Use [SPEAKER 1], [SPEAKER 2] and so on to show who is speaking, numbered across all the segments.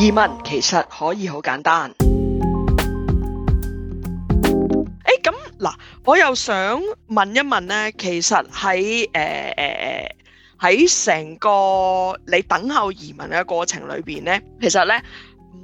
[SPEAKER 1] 移民其實可以好簡單。誒，咁嗱，我又想問一問呢，其實喺誒誒誒喺成個你等候移民嘅過程裏邊呢，其實呢，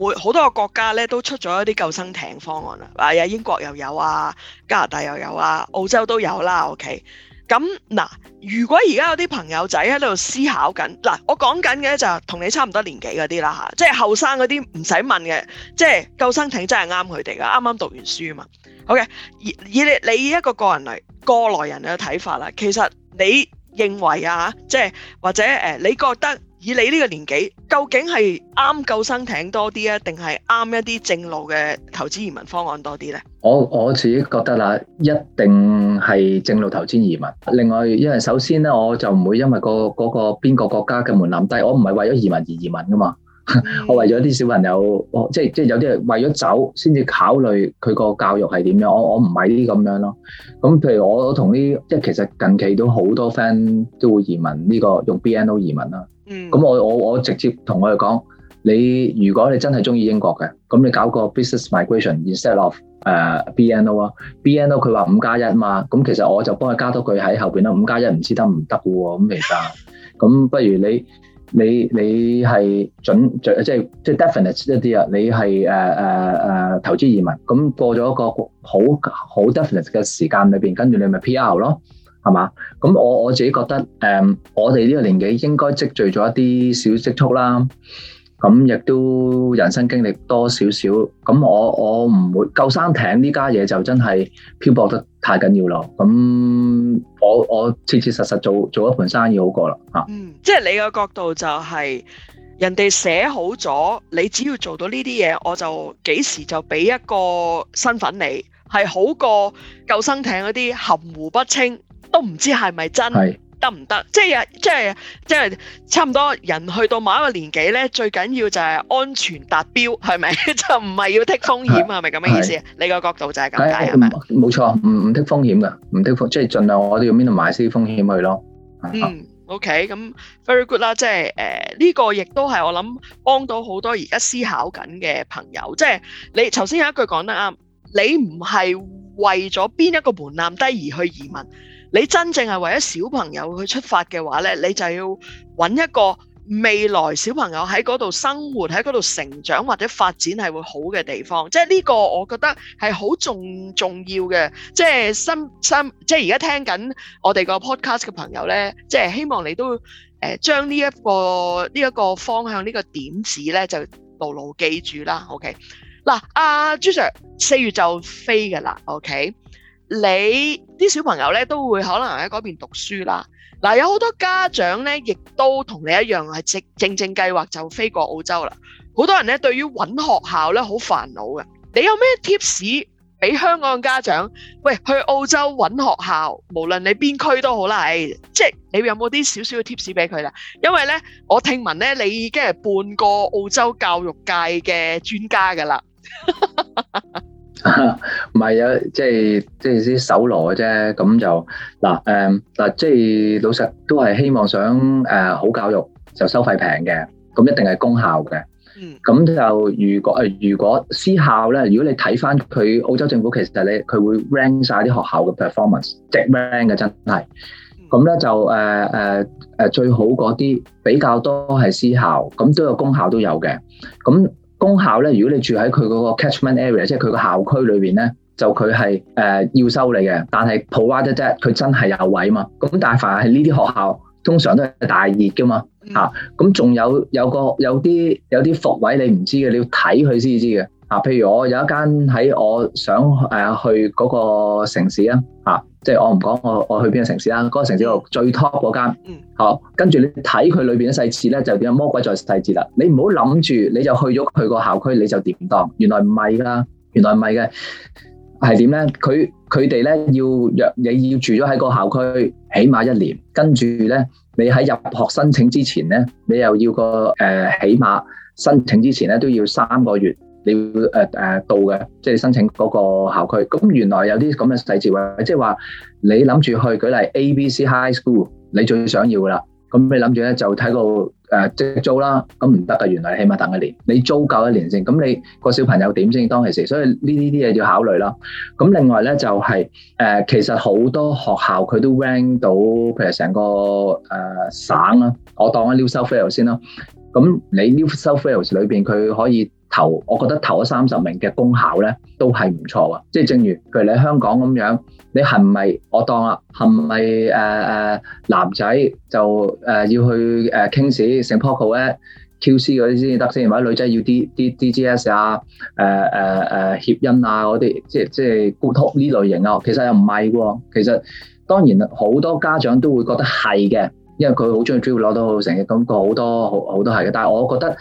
[SPEAKER 1] 每好多個國家呢都出咗一啲救生艇方案啦，嗱，英國又有啊，加拿大又有啊，澳洲都有啦，OK。咁嗱，如果而家有啲朋友仔喺度思考緊，嗱，我講緊嘅就同你差唔多年紀嗰啲啦吓，即係後生嗰啲唔使問嘅，即係救生艇真係啱佢哋㗎，啱啱讀完書嘛。OK，以以你一個個人嚟過來人嘅睇法啦，其實你認為啊，即係或者誒，你覺得？以你呢個年紀，究竟係啱救生艇多啲啊，定係啱一啲正路嘅投資移民方案多啲咧？
[SPEAKER 2] 我我自己覺得嗱，一定係正路投資移民。另外，因為首先咧，我就唔會因為個嗰個邊個國家嘅門檻低，我唔係為咗移民而移民噶嘛。我為咗啲小朋友，即係即係有啲人為咗走先至考慮佢個教育係點樣。我我唔係呢啲咁樣咯。咁譬如我同啲即係其實近期都好多 friend 都會移民呢個用 BNO 移民啦。咁我我我直接同佢哋講，你如果你真係中意英國嘅，咁你搞個 business migration instead of 誒、uh, BNO，BNO 佢話五加一嘛，咁其實我就幫佢加多佢喺後邊啦，五加一唔知得唔得嘅喎，咁其實，咁不如你你你係準準即係即係 definite 一啲啊，你係誒誒誒投資移民，咁過咗一個好好 definite 嘅時間裏邊，跟住你咪 PR 咯。係嘛？咁我我自己覺得，誒，我哋呢個年紀應該積聚咗一啲小積蓄啦。咁亦都人生經歷多少少。咁我我唔會救生艇呢家嘢就真係漂泊得太緊要咯。咁我我切切實實做做一盤生意好過啦。嚇！嗯，
[SPEAKER 1] 即係你個角度就係人哋寫好咗，你只要做到呢啲嘢，我就幾時就俾一個身份你，係好過救生艇嗰啲含糊不清。都唔知係咪真係得唔得？即係，即係，即係，差唔多人去到某一個年紀咧，最緊要就係安全達標，係咪？就唔係要剔風險啊？係咪咁嘅意思？你個角度就係咁解係嘛？
[SPEAKER 2] 冇錯，唔唔剔風險噶，唔剔風險即係盡量我哋要邊度買少啲風險去咯。
[SPEAKER 1] 嗯，OK，咁 very good 啦，即係誒呢個亦都係我諗幫到好多而家思考緊嘅朋友。即係你頭先有一句講得啱，你唔係為咗邊一個門檻低而去移民。你真正係為咗小朋友去出發嘅話呢，你就要揾一個未來小朋友喺嗰度生活、喺嗰度成長或者發展係會好嘅地方。即係呢個，我覺得係好重重要嘅。即係心心，即係而家聽緊我哋個 podcast 嘅朋友呢，即係希望你都誒、呃、將呢、呢、一個呢一、呢個方向呢、呢個點子呢就牢牢記住啦。OK，嗱、啊，阿朱 Sir 四月就飛㗎啦。OK。你啲小朋友咧都會可能喺嗰邊讀書啦。嗱、啊，有好多家長咧，亦都同你一樣係正正正計劃就飛過澳洲啦。好多人咧對於揾學校咧好煩惱嘅。你有咩 tips 俾香港嘅家長？喂，去澳洲揾學校，無論你邊區都好啦，即、哎、係你有冇啲少少嘅 tips 俾佢咧？因為咧，我聽聞咧，你已經係半個澳洲教育界嘅專家㗎啦。
[SPEAKER 2] 唔係啊，即係即係啲手攞嘅啫，咁就嗱誒嗱，即係老實都係希望想誒好教育就收費平嘅，咁一定係公校嘅。嗯，咁就如果誒如果私校咧，如果你睇翻佢澳洲政府其實咧，佢會 rank 晒啲學校嘅 performance，即 rank 嘅真係。咁咧就誒誒誒最好嗰啲比較多係私校，咁都有公校都有嘅，咁。中校咧，如果你住喺佢嗰個 catchment area，即係佢個校區裏邊咧，就佢係誒要收你嘅。但係 provided that，佢真係有位嘛。咁但係凡係呢啲學校，通常都係大熱噶嘛。吓、嗯，咁仲有有個有啲有啲伏位你唔知嘅，你要睇佢先知嘅。吓，譬如我有一間喺我想誒、啊、去嗰個城市啊。即係我唔講我我去邊個城市啦，嗰、那個城市度最 top 嗰間，好跟住你睇佢裏邊嘅細節咧，就點啊魔鬼在細節啦！你唔好諗住，你就去咗佢個校區，你就點當？原來唔係噶，原來唔係嘅，係點咧？佢佢哋咧要若你要，要住咗喺個校區，起碼一年。跟住咧，你喺入學申請之前咧，你又要個誒、呃，起碼申請之前咧都要三個月。你要誒誒到嘅，即係申請嗰個校區。咁原來有啲咁嘅細節，即係話你諗住去舉例 ABC High School，你最想要噶啦。咁你諗住咧就睇個誒即租啦。咁唔得嘅，原來你起碼等一年。你租夠一年先。咁你個小朋友點先當其時？所以呢呢啲嘢要考慮啦。咁另外咧就係誒，其實好多學校佢都 rank 到，譬如成個誒省啦。我當喺 New South Wales 先啦。咁你 New South Wales 裏邊佢可以。頭我覺得頭三十名嘅功效咧，都係唔錯嘅。即係正如，譬如你喺香港咁樣，你係唔係我當啊？係唔係男仔就、呃、就要去誒 King's、啊，成 p o 咧？Q C 嗰啲先得先，或者女仔要啲 d, d, d G S 啊協、啊啊、音啊嗰啲，即係即係 good t 呢類型啊。其實又唔係喎，其實當然好多家長都會覺得係嘅，因為佢好中意要攞到好成績，咁佢好多好多係嘅。但係我覺得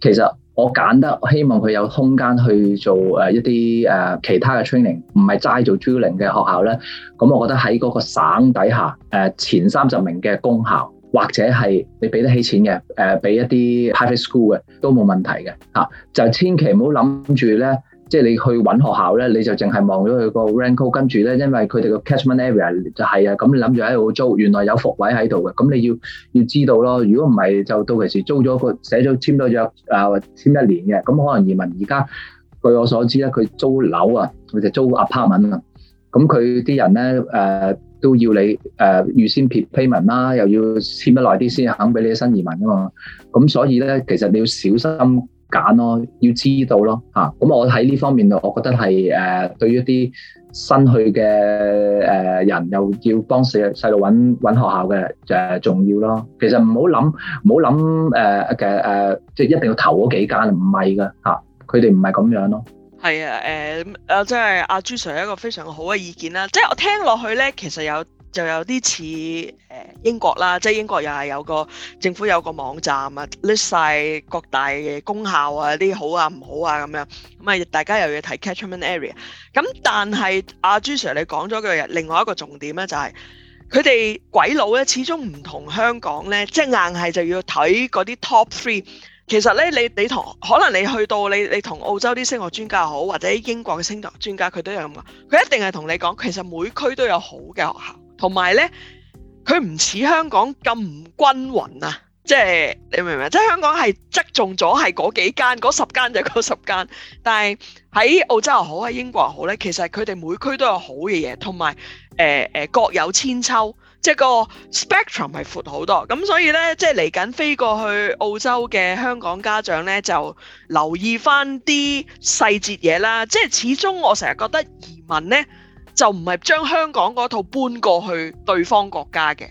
[SPEAKER 2] 其實。我揀得，希望佢有空間去做一啲其他嘅 training，唔係齋做 training 嘅學校咧。咁我覺得喺嗰個省底下，誒前三十名嘅公校，或者係你俾得起錢嘅，誒俾一啲 private school 嘅都冇問題嘅吓。就千祈唔好諗住咧。即係你去揾學校咧，你就淨係望咗佢個 rank，跟住咧，因為佢哋個 catchment area 就係、是、啊，咁你諗住喺度租，原來有伏位喺度嘅，咁你要要知道咯。如果唔係，就到期時租咗個寫咗簽多約啊，簽咗一年嘅，咁可能移民而家據我所知咧，佢租樓啊，佢就租 apartment 啊，咁佢啲人咧都要你誒、呃、預先撇 payment 啦，又要簽得耐啲先肯俾你啲新移民啊嘛。咁所以咧，其實你要小心。揀咯，要知道咯，吓，咁我喺呢方面，我覺得係誒、呃，對於一啲新去嘅誒人、呃，又要幫細細路揾揾學校嘅、就係、重要咯。其實唔好諗，唔好諗誒嘅誒，即、呃、係、呃就是、一定要投嗰幾間，唔係噶吓，佢哋唔係咁樣咯。
[SPEAKER 1] 係啊，誒、呃，誒、啊，即係阿朱 Sir 有一個非常好嘅意見啦。即係我聽落去咧，其實有。就有啲似誒英國啦，即係英國又係有個政府有個網站啊，list 晒各大嘅公校啊，啲好啊唔好啊咁樣咁啊，大家又要睇 catchment area。咁但係阿、啊、朱 sir 你講咗句另外一個重點咧，就係佢哋鬼佬咧始終唔同香港咧，即係硬係就要睇嗰啲 top three。其實咧，你你同可能你去到你你同澳洲啲升學專家好，或者英國嘅升學專家，佢都有咁話，佢一定係同你講，其實每區都有好嘅學校。同埋呢，佢唔似香港咁唔均勻啊！即係你明唔明？即係香港係側重咗係嗰幾間，嗰十間就嗰十間。但係喺澳洲又好，喺英國又好呢，其實佢哋每區都有好嘅嘢，同埋誒誒各有千秋。即係個 spectrum 係闊好多。咁所以呢，即係嚟緊飛過去澳洲嘅香港家長呢，就留意翻啲細節嘢啦。即係始終我成日覺得移民呢。就唔係將香港嗰套搬過去對方國家嘅，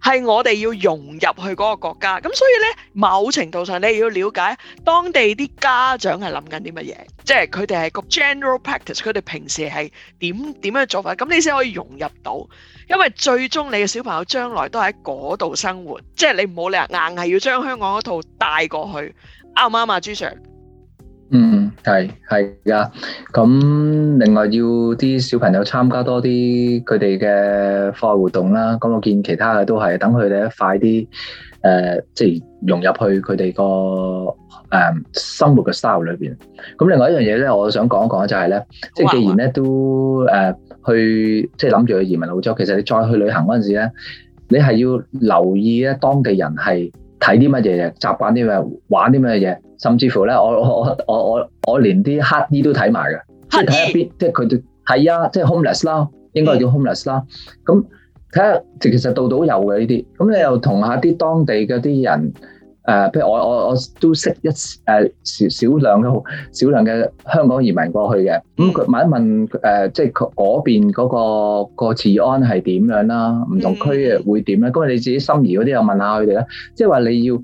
[SPEAKER 1] 係我哋要融入去嗰個國家。咁所以呢，某程度上你要了解當地啲家長係諗緊啲乜嘢，即係佢哋係個 general practice，佢哋平時係點點樣做法，咁你先可以融入到。因為最終你嘅小朋友將來都喺嗰度生活，即係你唔好理硬係要將香港嗰套帶過去，啱唔啱啊，朱 Sir？
[SPEAKER 2] 嗯，係係噶，咁另外要啲小朋友參加多啲佢哋嘅課外活動啦。咁我見其他嘅都係等佢哋快啲，誒，即係融入去佢哋個誒生活嘅 style 裏邊。咁另外一樣嘢咧，我想講一講就係咧，即係既然咧都誒去，即係諗住去移民澳洲，其實你再去旅行嗰陣時咧，你係要留意咧當地人係。睇啲乜嘢嘅、習慣啲咩、玩啲乜嘢，甚至乎咧，我我我我我連啲乞衣都睇埋嘅，即係睇下邊，即係佢哋係啊，即係 homeless 啦，應該叫 homeless 啦。咁，嗯，睇下，其實度度都有嘅呢啲。咁你又同下啲當地嘅啲人，誒，譬如我我我都識一誒少少量嘅少量嘅香港移民過去嘅，咁佢問一問誒，即係嗰邊嗰個個治安係點樣啦？唔同區誒會點咧？咁啊，你自己心儀嗰啲又問下佢哋咧，即係話你要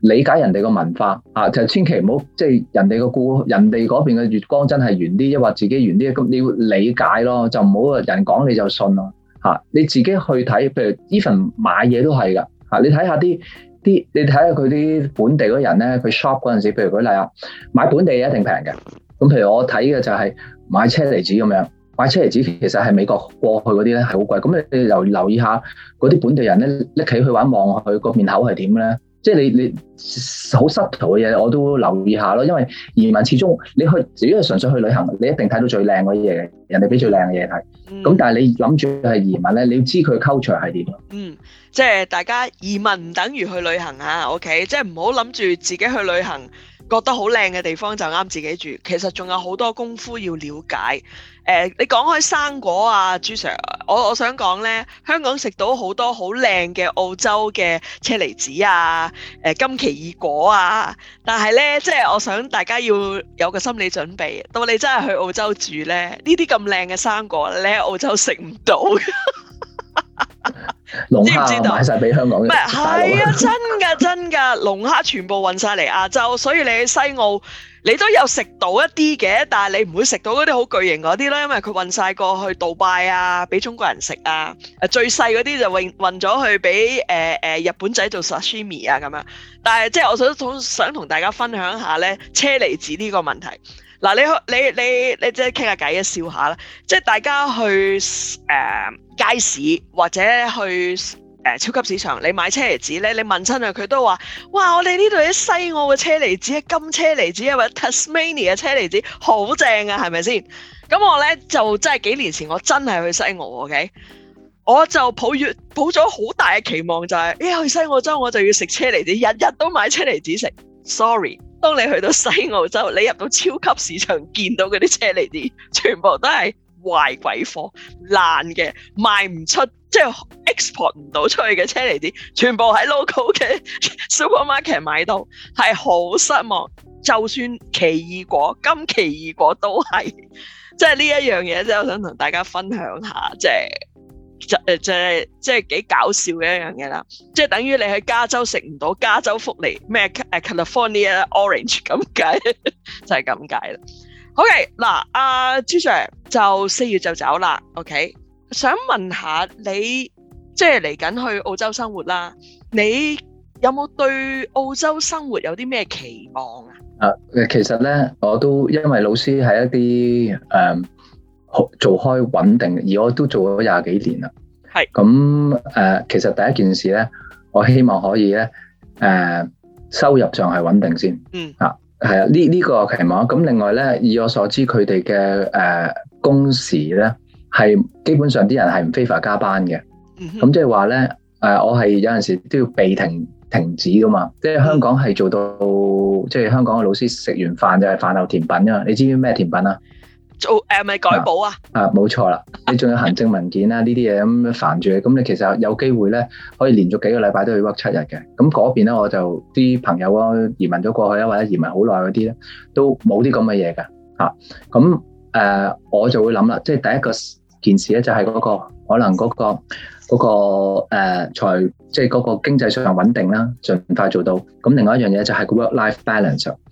[SPEAKER 2] 理解人哋個文化嚇，就千祈唔好即係人哋個故人哋嗰邊嘅月光真係圓啲，一話自己圓啲，咁你要理解咯，就唔好人講你就信咯嚇，你自己去睇，譬如 even 買嘢都係噶嚇，你睇下啲。啲你睇下佢啲本地嗰人咧，佢 shop 嗰陣時，譬如舉例啊，買本地嘢一定平嘅。咁譬如我睇嘅就係買車厘子咁樣，買車厘子其實係美國過去嗰啲咧，係好貴。咁你又留意下嗰啲本地人咧，拎起去玩望佢個面口係點咧？即係你你好濕潮嘅嘢我都留意下咯，因為移民始終你去自己係純粹去旅行，你一定睇到最靚嗰啲嘢，人哋俾最靚嘅嘢睇。咁，嗯，但係你諗住係移民咧，你要知佢個構長係點？嗯，
[SPEAKER 1] 即係大家移民唔等於去旅行吓，OK？即係唔好諗住自己去旅行。覺得好靚嘅地方就啱自己住，其實仲有好多功夫要了解。誒、呃，你講開生果啊，朱 Sir，我我想講呢，香港食到好多好靚嘅澳洲嘅車厘子啊，誒、呃、金奇異果啊，但係呢，即係我想大家要有個心理準備，到你真係去澳洲住呢，這些麼漂亮的呢啲咁靚嘅生果你喺澳洲食唔到。
[SPEAKER 2] 知唔知道買晒俾香
[SPEAKER 1] 港人？唔係啊，真噶真噶龍 蝦全部運晒嚟亞洲，所以你喺西澳你都有食到一啲嘅，但係你唔會食到嗰啲好巨型嗰啲啦，因為佢運晒過去，去杜拜啊，俾中國人食啊，誒，最細嗰啲就運運咗去俾誒誒日本仔做 sashimi 啊咁樣，但係即係我想想想同大家分享下咧，車厘子呢個問題。嗱，你你你你即係傾下偈啊，笑一下啦！即係大家去誒、呃、街市或者去誒、呃、超級市場，你買車厘子咧，你問親啊，佢都話：哇，我哋呢度啲西澳嘅車厘子啊，金車厘子啊，或者 Tasmania 嘅車厘子好正啊，係咪先？咁我咧就真係幾年前，我真係去西澳嘅，okay? 我就抱月抱咗好大嘅期望、就是，就係，哎呀，去西澳洲我就要食車厘子，日日都買車厘子食。Sorry。當你去到西澳洲，你入到超級市場，見到嗰啲車厘子，全部都係壞鬼貨、爛嘅，賣唔出，即係 export 唔到出去嘅車厘子，全部喺 local 嘅 supermarket 買到，係好失望。就算奇異果，今奇異果都係，即係呢一樣嘢，即係我想同大家分享下，即係。就誒就係即係幾搞笑嘅一樣嘢啦，即係等於你喺加州食唔到加州福利咩 California Orange 咁解，就係咁解啦。OK，嗱、啊，阿朱 Sir 就四月就走啦。OK，想問下你，即係嚟緊去澳洲生活啦，你有冇對澳洲生活有啲咩期望
[SPEAKER 2] 啊？啊，其實咧，我都因為老師係一啲誒。Um, 做開穩定，而我都做咗廿幾年啦。係咁誒，其實第一件事咧，我希望可以咧誒、呃、收入上係穩定先。嗯啊，係啊，呢呢、呢個我期望。咁另外咧，以我所知佢哋嘅誒工時咧係基本上啲人係唔非法加班嘅。咁即係話咧誒，我係有陣時都要被停停止噶嘛。即、就、係、是、香港係做到，即、嗯、係、就是、香港嘅老師食完飯就係飯後甜品啊。你知唔知咩甜品啊？
[SPEAKER 1] 做係
[SPEAKER 2] 咪改保啊？啊，冇、啊、錯啦，你仲有行政文件啦，呢啲嘢咁煩住，咁你其實有機會咧，可以連續幾個禮拜都要 work 七日嘅。咁嗰邊咧，我就啲朋友啊移民咗過去啊，或者移民好耐嗰啲咧，都冇啲咁嘅嘢嘅嚇。咁、啊、誒、呃，我就會諗啦，即、就、係、是、第一個件事咧，就係、是、嗰、那個可能嗰、那個嗰、那個誒財，即係嗰個經濟上穩定啦，盡快做到。咁另外一樣嘢就係 work life balance。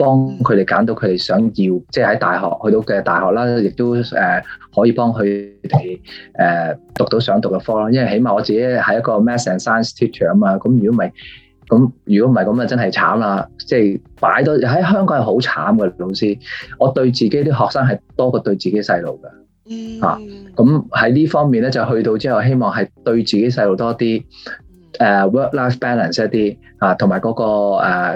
[SPEAKER 2] 幫佢哋揀到佢哋想要，即係喺大學去到嘅大學啦，亦都誒可以幫佢哋誒讀到想讀嘅科咯。因為起碼我自己係一個 Math and Science teacher 啊嘛，咁如果唔係，咁如果唔係咁啊，真係慘啦。即係擺到喺香港係好慘嘅老師。我對自己啲學生係多過對自己細路㗎吓。咁喺呢方面咧，就去到之後，希望係對自己細路多啲。誒、uh, work life balance 一啲啊，同埋嗰個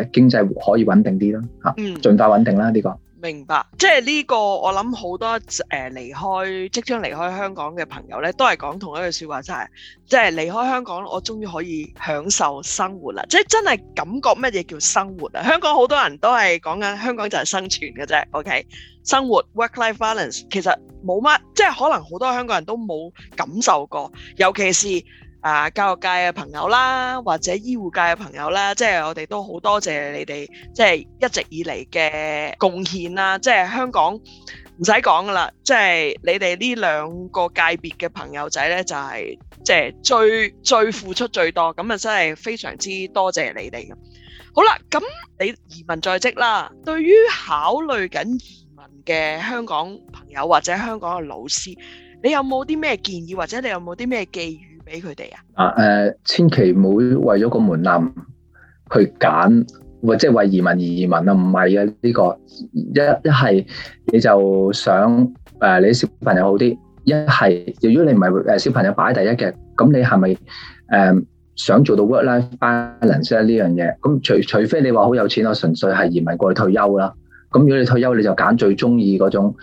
[SPEAKER 2] 誒經濟可以穩定啲咯嚇，嗯，盡快穩定啦呢個。
[SPEAKER 1] 明白，即係呢個我諗好多誒離開即將離開香港嘅朋友咧，都係講同一句説話，就係即係離開香港，我終於可以享受生活啦！即係真係感覺乜嘢叫生活啊？香港好多人都係講緊香港就係生存嘅啫，OK？生活 work life balance 其實冇乜，即係可能好多香港人都冇感受過，尤其是。啊！教育界嘅朋友啦，或者醫護界嘅朋友啦，即係我哋都好多謝你哋，即係一直以嚟嘅貢獻啦。即係香港唔使講噶啦，即係你哋呢兩個界別嘅朋友仔呢，就係即係最最付出最多咁啊！真係非常之多謝你哋。好啦，咁你移民在即啦，對於考慮緊移民嘅香港朋友或者香港嘅老師，你有冇啲咩建議，或者你有冇啲咩寄語？
[SPEAKER 2] 俾佢哋啊！啊，呃、千祈唔好為咗個門檻去揀，或即係為移民而移民啊！唔係呀，呢個一一係你就想、呃、你小朋友好啲；一係，如果你唔係小朋友擺第一嘅，咁你係咪、呃、想做到 work-life balance 呢、啊、樣嘢？咁除除非你話好有錢啦，我純粹係移民過去退休啦。咁如果你退休，你就揀最中意嗰種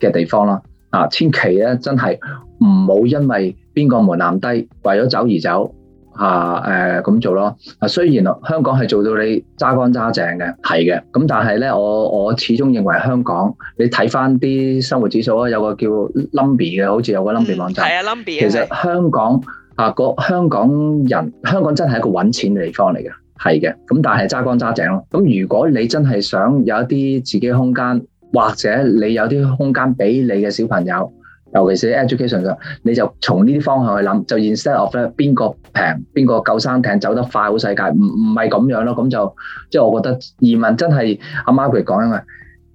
[SPEAKER 2] 嘅地方啦。啊，千祈咧，真係唔好因為。邊個門檻低，為咗走而走吓？誒、啊、咁、呃、做咯。啊，雖然香港係做到你揸乾揸淨嘅，係嘅。咁但係咧，我我始終認為香港，你睇翻啲生活指數啊，有個叫 Numbeo 嘅，好似有個 Numbeo 網站，係啊 Numbeo。其實香港啊，個香港人，香港真係一個搵錢嘅地方嚟嘅，係嘅。咁但係揸乾揸淨咯。咁如果你真係想有一啲自己空間，或者你有啲空間俾你嘅小朋友。尤其是啲 education 上，你就從呢啲方向去諗，就 instead of 咧，邊個平，邊個救生艇走得快，好世界唔唔係咁樣咯。咁就即係、就是、我覺得移民真係阿 Margaret 講緊啊，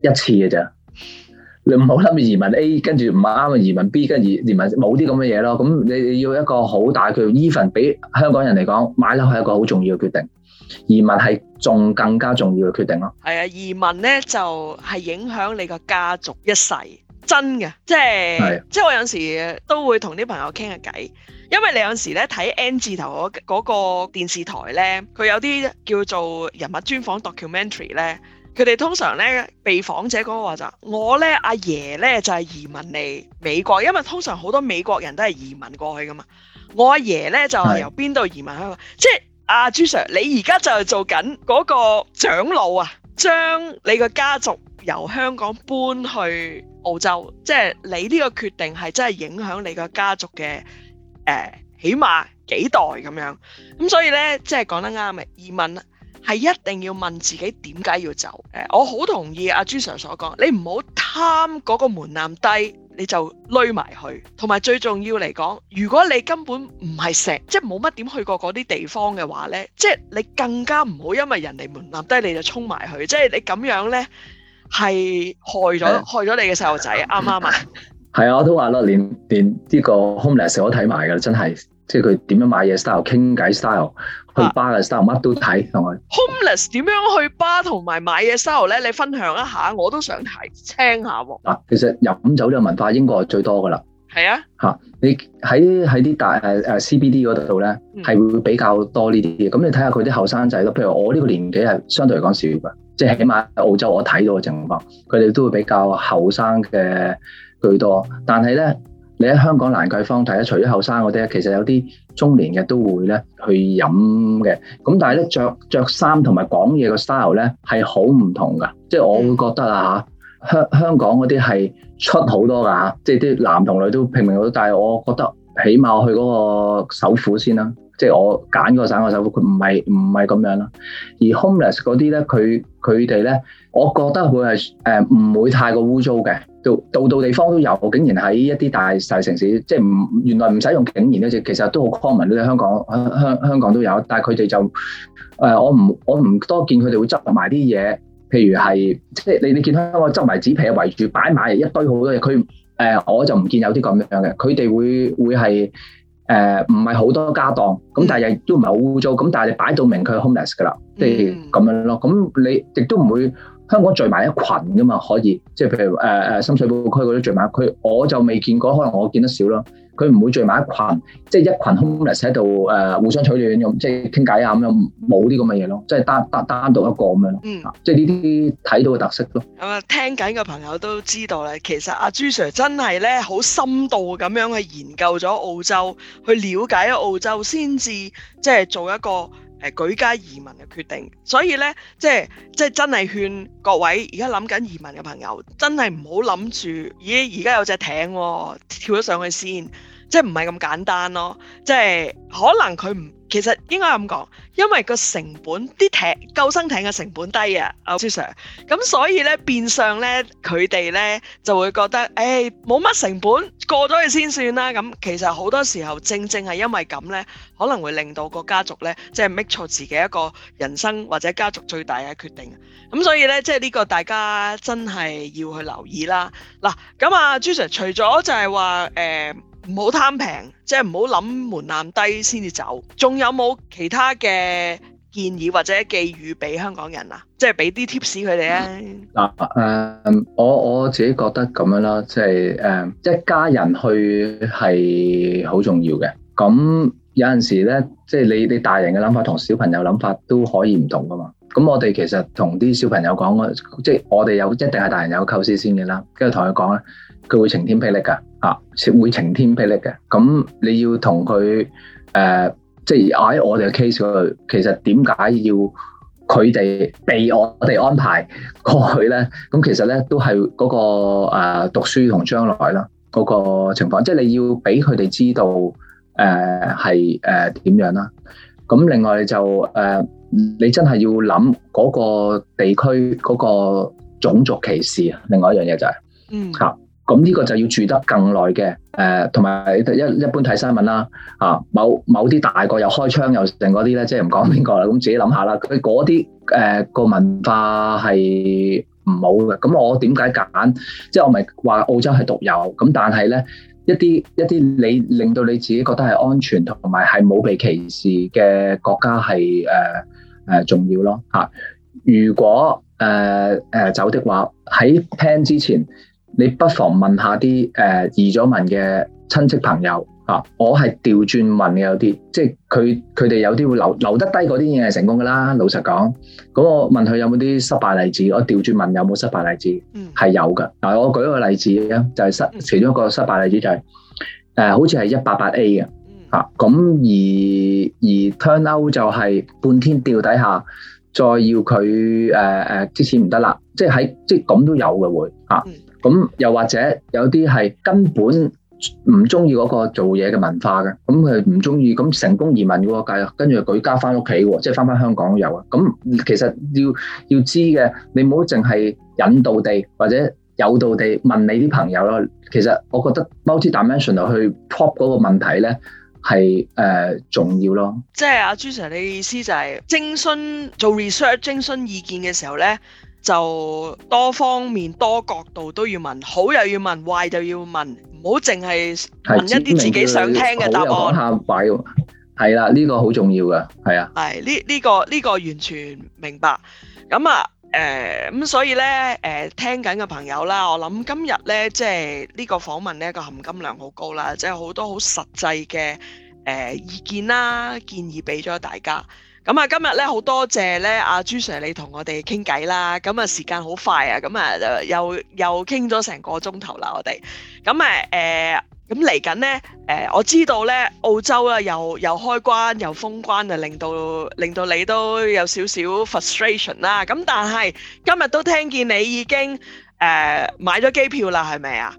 [SPEAKER 2] 一次嘅啫。你唔好諗移民 A，跟住唔係啱嘅移民 B，跟住移民冇啲咁嘅嘢咯。咁你要一個好大嘅 event，俾香港人嚟講，買樓係一個好重要嘅決定。移民係仲更加重要嘅決定
[SPEAKER 1] 咯。係啊，移民咧就係、是、影響你個家族一世。真嘅，即係即係我有時都會同啲朋友傾下偈，因為你有時咧睇 N 字頭嗰嗰個電視台咧，佢有啲叫做人物專訪 documentary 咧，佢哋通常咧被訪者嗰個話就我咧阿爺咧就係移民嚟美國，因為通常好多美國人都係移民過去噶嘛。我阿爺咧就係由邊度移民香港？即係阿、啊、朱 Sir，你而家就係做緊嗰個長老啊，將你個家族由香港搬去澳洲，即係你呢個決定係真係影響你個家族嘅誒、呃，起碼幾代咁樣。咁所以呢，即係講得啱嘅，移民啊係一定要問自己點解要走。誒、呃，我好同意阿朱 Sir 所講，你唔好貪嗰個門檻低，你就攞埋去。同埋最重要嚟講，如果你根本唔係成，即係冇乜點去過嗰啲地方嘅話呢，即係你更加唔好因為人哋門檻低你就衝埋去。即係你咁樣呢。係害咗害咗你嘅細路仔，啱啱啊？
[SPEAKER 2] 係啊，啊，我都話啦，連連呢個 homeless 我都睇埋嘅，真係即係佢點樣買嘢 style, style, style、傾偈 style、去 bar 嘅 style，乜都睇同埋。
[SPEAKER 1] homeless 點樣去 bar 同埋買嘢 style 咧？你分享一下，我都想睇清一下喎。
[SPEAKER 2] 嗱，其實飲酒個文化應該最多㗎啦。係啊，你喺喺啲大、uh, CBD 嗰度咧，係、嗯、會比較多呢啲嘢。咁你睇下佢啲後生仔咯，譬如我呢個年紀係相對嚟講少㗎。即係起碼澳洲，我睇到嘅情況，佢哋都會比較後生嘅居多。但係咧，你喺香港蘭桂坊睇咧，除咗後生嗰啲，其實有啲中年嘅都會咧去飲嘅。咁但係咧，着著衫同埋講嘢嘅 style 咧係好唔同㗎。即、嗯、係我會覺得啊，香香港嗰啲係出好多㗎，即係啲男同女都拼命好多。但係我覺得起碼去嗰個首府先啦。即係我揀個省嘅首府，佢唔係唔係咁樣咯。而 homeless 嗰啲咧，佢佢哋咧，我覺得佢係誒唔會太過污糟嘅，到度度地方都有。竟然喺一啲大細城市，即係唔原來唔使用竟然咧，即其實都好 common 喺香港香、啊、香港都有。但係佢哋就誒、呃，我唔我唔多見佢哋會執埋啲嘢，譬如係即係你你見到我執埋紙皮圍住擺埋一堆好多嘢。佢誒、呃、我就唔見有啲咁樣嘅，佢哋會會係。誒唔係好多家當，咁但係亦都唔係好污糟，咁但係你擺到明佢係 homeless 㗎啦，即係咁樣咯。咁、嗯、你亦都唔會。香港聚埋一群噶嘛，可以，即係譬如誒誒、呃、深水埗區嗰啲聚埋，佢我就未見過，可能我見得少咯。佢唔會聚埋一群，即、就、係、是、一群 homeless 喺度誒、呃、互相取暖咁，即係傾偈啊咁樣，冇啲咁嘅嘢咯，即係單單單獨一個咁樣咯。嗯，即係呢啲睇到嘅特色咯。
[SPEAKER 1] 咁、嗯、啊，聽緊嘅朋友都知道啦，其實阿朱 sir 真係咧好深度咁樣去研究咗澳洲，去了解咗澳洲先至，即係做一個。誒舉家移民嘅決定，所以呢，即係即係真係勸各位而家諗緊移民嘅朋友，真係唔好諗住，咦，而家有隻艇喎，哦，跳咗上去先。即係唔係咁簡單咯？即係可能佢唔，其實應該咁講，因為個成本啲艇救生艇嘅成本低啊，啊朱 Sir。咁所以咧變相咧，佢哋咧就會覺得，誒冇乜成本過咗去先算啦。咁其實好多時候正正係因為咁咧，可能會令到個家族咧，即係 make 錯自己一個人生或者家族最大嘅決定。咁所以咧，即係呢個大家真係要去留意啦。嗱、啊，咁啊，朱 Sir，除咗就係話誒唔好貪平，即係唔好諗門檻低先至走。仲有冇其他嘅建議或者寄語俾香港人啊？即係俾啲 tips 佢哋啊？
[SPEAKER 2] 嗱，誒，我我自己覺得咁樣啦，即係誒一家人去係好重要嘅。咁有陣時咧，即係你你大人嘅諗法同小朋友諗法都可以唔同噶嘛。咁我哋其實同啲小朋友講，即係我哋有一定係大人有構思先嘅啦。跟住同佢講咧，佢會晴天霹靂㗎。啊，會晴天霹靂嘅，咁你要同佢誒，即係喺我哋嘅 case 嗰度，其實點解要佢哋被我哋安排過去咧？咁其實咧都係嗰個誒讀書同將來啦，嗰個情況，即係你要俾佢哋知道誒係誒點樣啦。咁另外就誒，你真係要諗嗰個地區嗰個種族歧視啊，另外一樣嘢就係嗯，吓。咁呢個就要住得更耐嘅，誒，同埋一一般睇新聞啦，啊，某某啲大國又開槍又剩嗰啲咧，即係唔講邊個啦，咁自己諗下啦。佢嗰啲誒個文化係唔好嘅，咁我點解揀？即係我咪話澳洲係獨有，咁但係咧一啲一啲你令到你自己覺得係安全同埋係冇被歧視嘅國家係誒誒重要咯嚇。如果誒誒走的話，喺 plan 之前。你不妨問下啲誒、呃、移咗民嘅親戚朋友嚇、啊，我係調轉問嘅有啲，即係佢佢哋有啲會留留得低嗰啲嘢已經係成功噶啦。老實講，咁我問佢有冇啲失敗例子，我調轉問有冇失敗例子，係、嗯、有嘅。嗱，我舉一個例子啊，就係、失、嗯、其中一個失敗例子就係、是、誒、呃，好似係一八八 A 嘅嚇，咁、啊、而而 turn out 就係半天吊底下，再要佢誒誒支錢唔得啦，即係喺即係咁都有嘅會嚇。啊咁又或者有啲係根本唔中意嗰個做嘢嘅文化嘅，咁佢唔中意，咁成功移民嗰個界，跟住舉家翻屋企喎，即係翻翻香港有啊。咁其實要要知嘅，你唔好淨係引導地或者有導地問你啲朋友咯。其實我覺得 multi dimension 去 prop 嗰個問題咧係、呃、重要咯。
[SPEAKER 1] 即係阿、啊、朱 Sir，你嘅意思就係、是、徵詢做 research 徵詢意見嘅時候咧？就多方面多角度都要問，好又要問，壞就要問，唔好淨係問一啲自己想聽嘅答案。
[SPEAKER 2] 係啦，呢個好重要嘅，係啊。
[SPEAKER 1] 係呢呢個呢個完全明白。咁啊，誒咁所以呢，誒聽緊嘅朋友啦，我諗今日呢，即係呢個訪問呢個含金量好高啦，即係好多好實際嘅誒意見啦，建議俾咗大家。咁啊，今日咧好多謝咧，阿朱 sir 你同我哋傾偈啦。咁啊，時間好快啊，咁啊，又又傾咗成個鐘頭啦，我、呃、哋。咁誒誒，咁嚟緊咧誒，我知道咧澳洲啊，又又開關又封關啊，令到令到你都有少少 frustration 啦。咁但係今日都聽見你已經誒、呃、買咗機票啦，係咪啊？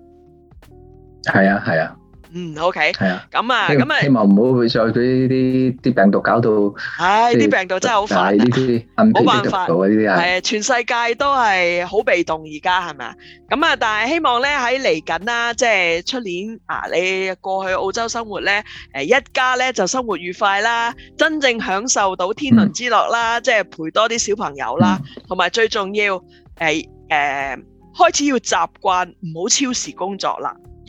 [SPEAKER 2] 係啊，係啊。
[SPEAKER 1] 嗯，OK，係啊，咁啊，咁啊，希望唔
[SPEAKER 2] 好、啊、再俾啲啲病毒搞到，
[SPEAKER 1] 係、哎、啲病毒真係好快，呢啲
[SPEAKER 2] 冇辦法。係
[SPEAKER 1] 全世界都係好被動而家，係咪啊？咁啊，但係希望咧喺嚟緊啦，即係出年啊，你過去澳洲生活咧，誒、啊，一家咧就生活愉快啦，真正享受到天倫之樂啦，即、嗯、係、就是、陪多啲小朋友啦，同、嗯、埋最重要，誒、啊、誒、啊，開始要習慣唔好超時工作啦。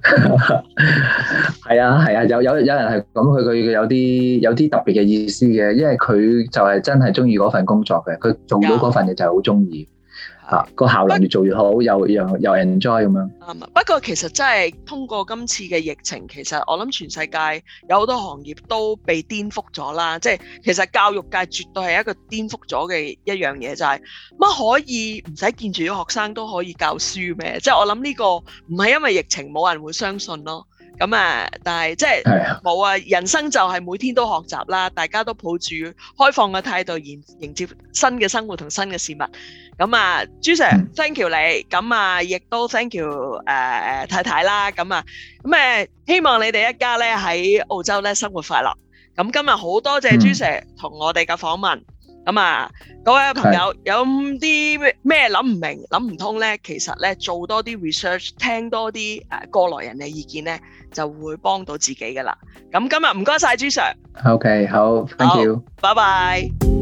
[SPEAKER 2] 係 啊，啊，有有有人係咁，佢有啲有啲特別嘅意思嘅，因為佢就係真係中意嗰份工作嘅，佢做到嗰份嘢就好中意。個效能越做越好，又又 enjoy 咁
[SPEAKER 1] 樣、嗯、不過其實真係通過今次嘅疫情，其實我諗全世界有好多行業都被顛覆咗啦。即係其實教育界絕對係一個顛覆咗嘅一樣嘢，就係、是、乜可以唔使見住啲學生都可以教書咩？即係我諗呢、這個唔係因為疫情，冇人會相信咯。咁啊，但係即係冇啊，人生就係每天都學習啦，大家都抱住開放嘅態度，迎迎接新嘅生活同新嘅事物。咁啊，朱 Sir，Thank、嗯、you 你，咁啊，亦都 Thank you、呃、太太啦，咁啊，咁誒希望你哋一家咧喺澳洲咧生活快樂。咁今日好多謝朱 Sir 同我哋嘅訪問。嗯咁啊，各位朋友有啲咩諗唔明諗唔通咧，其實咧做多啲 research，聽多啲誒過來人嘅意見咧，就會幫到自己㗎喇。咁今日唔該晒朱 Sir。OK，
[SPEAKER 2] 好，Thank you，好，拜拜。
[SPEAKER 1] 拜拜。